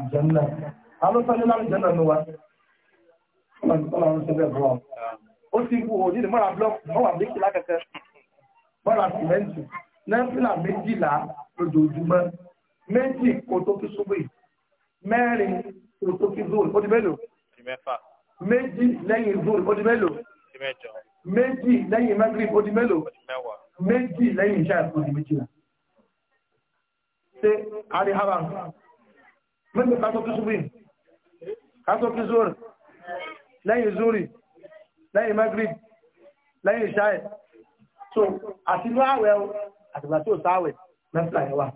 àjẹ́nà alóṣọ́lé láti jẹ́nà ló wa ọlọ́run ṣe bẹ́ẹ̀ bọ́ ó ti kú òní ní mọ́ra blọ́ọ̀kì mọ́ra méjìlá kẹ̀kẹ́ mọ́ra sìmẹ́ǹtì nẹ́fìlà méjìlá lójoojúmọ́ méjì kò tó kí súbì mẹ́rin kò tó kí zone ó di mélòó méjì lẹ́yìn zone ó di mélòó méjì lẹ́yìn magrib ó di mélòó méjì lẹ́yìn ìṣáà ó di méjìlá ṣé àríhábà mẹ́gbẹ̀ẹ́ ká tó kí ṣubí ká tó kí zoro lẹ́yìn zori lẹ́yìn magrib lẹ́yìn ṣáẹ̀ so àti inú àwẹ̀ o àtìgbà tí ò sáwẹ̀ mẹ́fìlà yẹn wà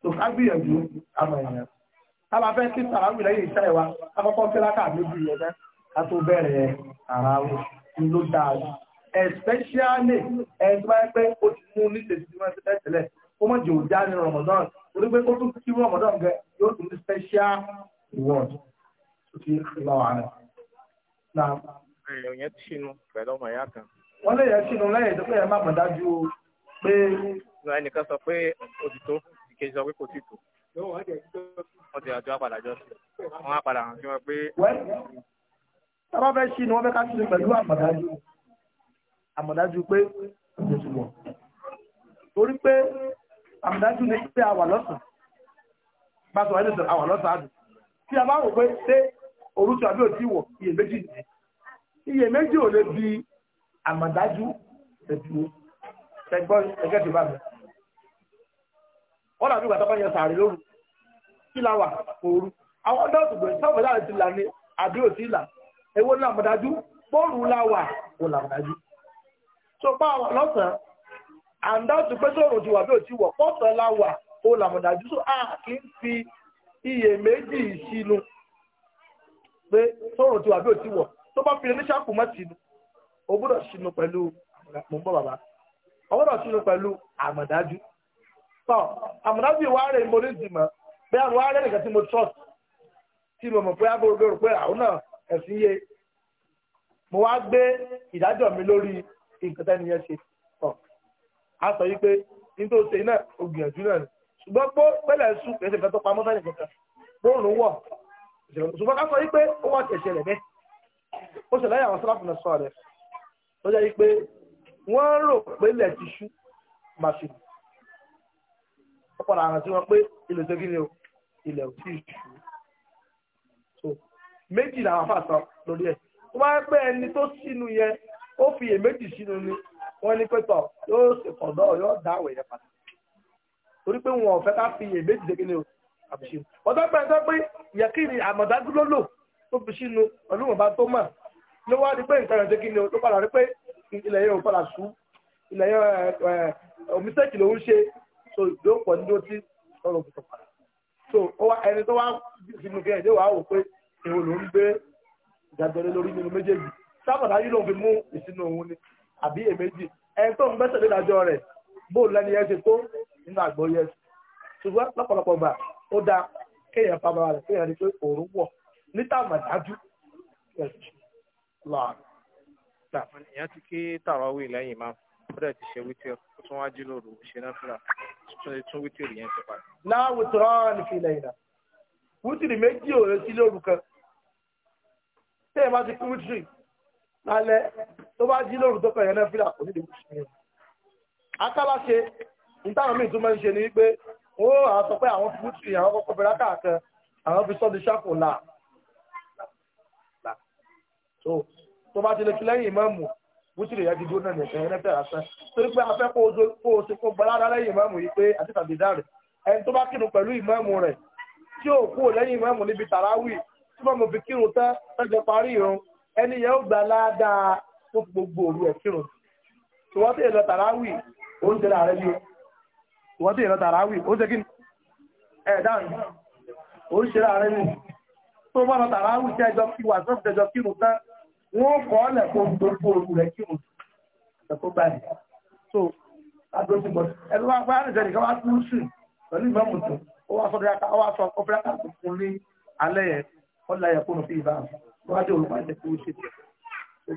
so ká gbìyànjú àmọ̀ èèyàn ká bá fẹ́ kí sàráwì lẹ́yìn ṣáẹ̀ wa akọ́kọ́ kí lákà méjì yẹn náà ká tó bẹ̀rẹ̀ àràwọ̀ ní ló dáa especially ẹni tó bá yẹ o ti mú ní tètè tí wọ́n ti tẹ́tẹ̀lẹ̀ ó mọ̀ jẹ́ òjá ní Ramadan torí pé ó tún kí Ramadan gẹ̀ẹ́ yóò tún ní special reward tó ti lọ àná. èèyàn yẹn ti ṣìnú pẹ̀lú ọmọ ìyá kan. wọ́n lè yẹn ṣìnú lẹ́yìn tó pé ẹ má mọ̀ dájú o pé. ẹnìkan sọ pé ó ti tó ìkejì sọ pé kò tí tó. wọ́n ti àjọ àpàdà jọ sí wọ́n àpàdà hàn sí wọn pé. tábà fẹ́ ṣìnú wọ́n fẹ́ ká ṣìnú pẹ̀lú àmọ̀dájú àmọ̀dájú pé kò tó torí pé àmọ̀dájú ni pé a wà lọ́sàn-án bá sọ ẹ̀dẹ̀sẹ̀ àwọn lọ́sàádù tí a bá wò pé ṣé orúkọ àbí òtí wọ̀ iyèméjì nìyẹn iyèméjì ò lè bi àmàdájú ẹ̀dùn ẹgbọ́n ẹgẹ́ ti bá mi wọ́n dàbí ìgbà tọ́kọ́ yẹn sàárè lóru kí la wà ooru àwọn ọdọ́ òtùgbò sọ́ọ̀bù láti ti là ní àbí òtí là èwo ní àmàdájú bóòlù la wà kò làmàdájú tó bá wà lọ́sàn-án àǹdá òtùgbò sọ̀rọ̀ ti wà bí òtí wọ̀ pọ́sàn la wà ó làmọ̀dájú so a kì í fi iyèméjì sínú pé sọ̀rọ̀ ti wà bí ò ti wọ̀ tó bá fi ní ṣàkó mọ́ sínú o gbọ́dọ̀ sínú pẹ̀lú mò bàbá o gbọ́dọ̀ sínú pẹ̀lú àmọ̀dájú àmọ̀dájú mo ní ìdìmọ̀ pé àwọn ará nìkan tí mo trust tí mo mọ̀ pé mi lórí nǹkan tẹ́niyẹn ṣe a sọ yí pé nítorí ṣe ṣùgbọ́n pé pẹ́lẹ̀ ń sùn kẹsẹ̀ tó pamọ́ fẹ́ nìkan bóòrùn wọ̀ ṣùgbọ́n ká sọ wípé ó wà tẹ̀sẹ̀ rẹ̀ bẹ́ẹ̀ ó ṣẹlẹ̀ àwọn sọ́láfù náà sọ rẹ̀ ó jẹ́ wípé wọ́n rò pé ilẹ̀ ti ṣú màṣù ó padà hàn sí wọn pé ilẹ̀ tó kíni o ilẹ̀ ò tíì ṣú méjì làwọn afá sọ lórí ẹ̀ tó bá pẹ́ ẹni tó sínú yẹn ó fi èméjì sínú ni wọ́n ní pẹ́tọ̀ yóò ṣèkọ̀dọ̀ yóò dáwọ̀ yẹn padà torí pé wọn ò fẹ́ ká fi èméjì ṣe kíni o àbùṣe ọ̀dọ́ pẹ́ sọ pé yẹ̀kìrì àmọ̀dájú ló lò tó fi sínú ọlọ́wọ̀n bá tó mọ̀ ló wá rí pé nǹkan rẹ̀ ṣe kíni o tó padà rí pé ilẹ̀ yẹn ò padà sú ilẹ̀ yẹn òmísẹ́kì ló ń ṣe so yóò pọ̀ ní lótí lọ́rọ̀ òkú padà so ẹni tó wá sínú kí ẹ̀jẹ̀ wàá wò pé èwo ló ń gbé ìdájọ́ lé lórí nínú méjèèjì sábàdá yìí ló fi mú ìsinú òun ni àbí èméjì ẹni tó ń gbẹ́sẹ̀ lé ìdájọ́ rẹ̀ bóòlù lẹ́ni ẹ ti tó nínú àgbọ̀ yẹn ṣùgbọ́n lọ́pọ̀lọpọ̀ gbà ó da kéèyàn fa bàbá rẹ̀ kéèyàn rí pé òórùn wọ̀ níta màdájú láàrin. èèyàn ti kí tàràwì lẹ́yìn máa ó dẹ̀ ti ṣe wítìr ó tún wá jí lóru ṣe náà fúra tún lè tún wítìr yẹn ti pa. láwùjọ tó rán ní fi lẹ́yìn náà wítìrì méjì ò lè sí lóru kan tẹ́ẹ̀ bá ti kú wítìrì lálẹ́ tó bá jí lóru tó kàn yẹn náà fúra kò ní lè wítìrì yẹn. akálà ṣe ìtàwọn míì tó máa ń ṣe ni wípé ó sọ pé àwọn fi àwọn kọ́kọ́ bẹ̀rẹ̀ káàkan àwọn fi sọ́ọ̀dì ṣáfù là tó bá ti lè fi lẹ́yìn ìmáàmù wútù rẹ̀ yẹ náà nìkan ẹni fẹ́ràn sẹ́ torí pé afẹ́ kó o ṣe kó gbọ́lá lẹ́yìn ìmáàmù yìí pé àti tàbí dáre ẹni tó bá kírun pẹ̀lú ìmáàmù rẹ̀ tí ó kú lẹ́yìn ìmáàmù níbi tàràwì tí mọ̀mọ́ fi kírun tán tẹ́jẹ́ parí irun ẹni yẹn ó gbà ládàá tó gbogbo òru ẹ̀ kírun tí wọ́n sì lọ tàràwì oúnjẹ rẹ̀ ni ìwọ́n tí ìrọ̀tà ráwì ó ṣe kí ẹ̀ dáhùn ó ṣe láàrin ní tó bá rọ̀tà ráwì jẹ́ ẹjọ́ kí wà sọ́ọ̀tì ẹjọ́ kí mo tán wọ́n kọ́ lẹ̀kọ́ tó kó orúkú rẹ̀ kí mo lẹ̀kọ́ báyìí so adúrótì bọ́ ẹni wá bá rìn sẹ́nìkan wá tún sí pẹ̀lú ìmọ̀ mùtò ó wá sọ́dọ̀ yàtọ̀ ó wá sọ ọ̀fẹ́ àtàkùn fún ní alẹ́ yẹn ó láyẹ̀ kó nù fi ìbá wájú olùpàdé kó ṣe tiẹ̀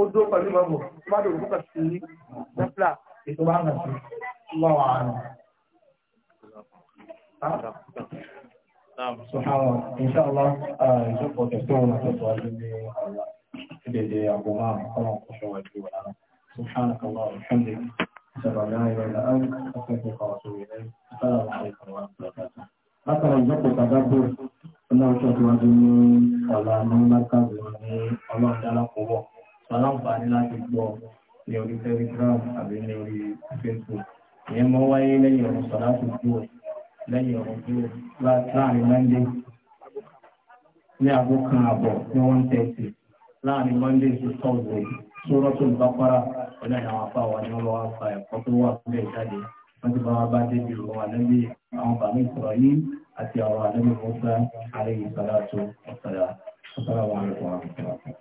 ó dúró pẹ̀lú ìmọ̀ mùtò wájú الله أعلم سبحان الله إن شاء الله يشوفوا تفتون تسؤالين لدي أبو مام قلنا قشوا الجوانا سبحانك الله وبحمدك أشهد أن لا إله إلا أنت أستغفرك وأتوب إليك السلام عليكم ورحمة الله وبركاته látara ìjọpọ̀ tàbátò ọlọ́run tó tíwájú ní ọ̀la mọ́lákàbù ní ọlọ́run dálákòwọ̀ sọ aláǹfààní láti gbọ́ ní orí telegram àbí ní orí facebook ìyẹn mọ́ wáyé lẹ́yìn ọ̀rọ̀ sọ̀rọ̀ láti dúró lẹ́yìn ọ̀rọ̀ dúró láàrin mọ́ndé ní aago kan àbọ̀ ní one thirty láàrin mọ́ndé sí tọ́sídé Suratul Baqara ọ̀nà àwọn afá wa ni wọ́n lọ́wọ́ fa ẹ̀kọ́ tó wà fún bẹ́ẹ̀ jáde wọ́n ti bá wa bá débi ìwọ̀n àlẹ́bí àwọn bàbá ìsọ̀rọ̀ yìí àti àwọn àlẹ́bí mọ́sá àlẹ́ ìsọ̀rọ̀ àti ọ̀sọ̀rọ̀ ọ̀sọ̀rọ̀ àwọn àlẹ́kọ̀ọ́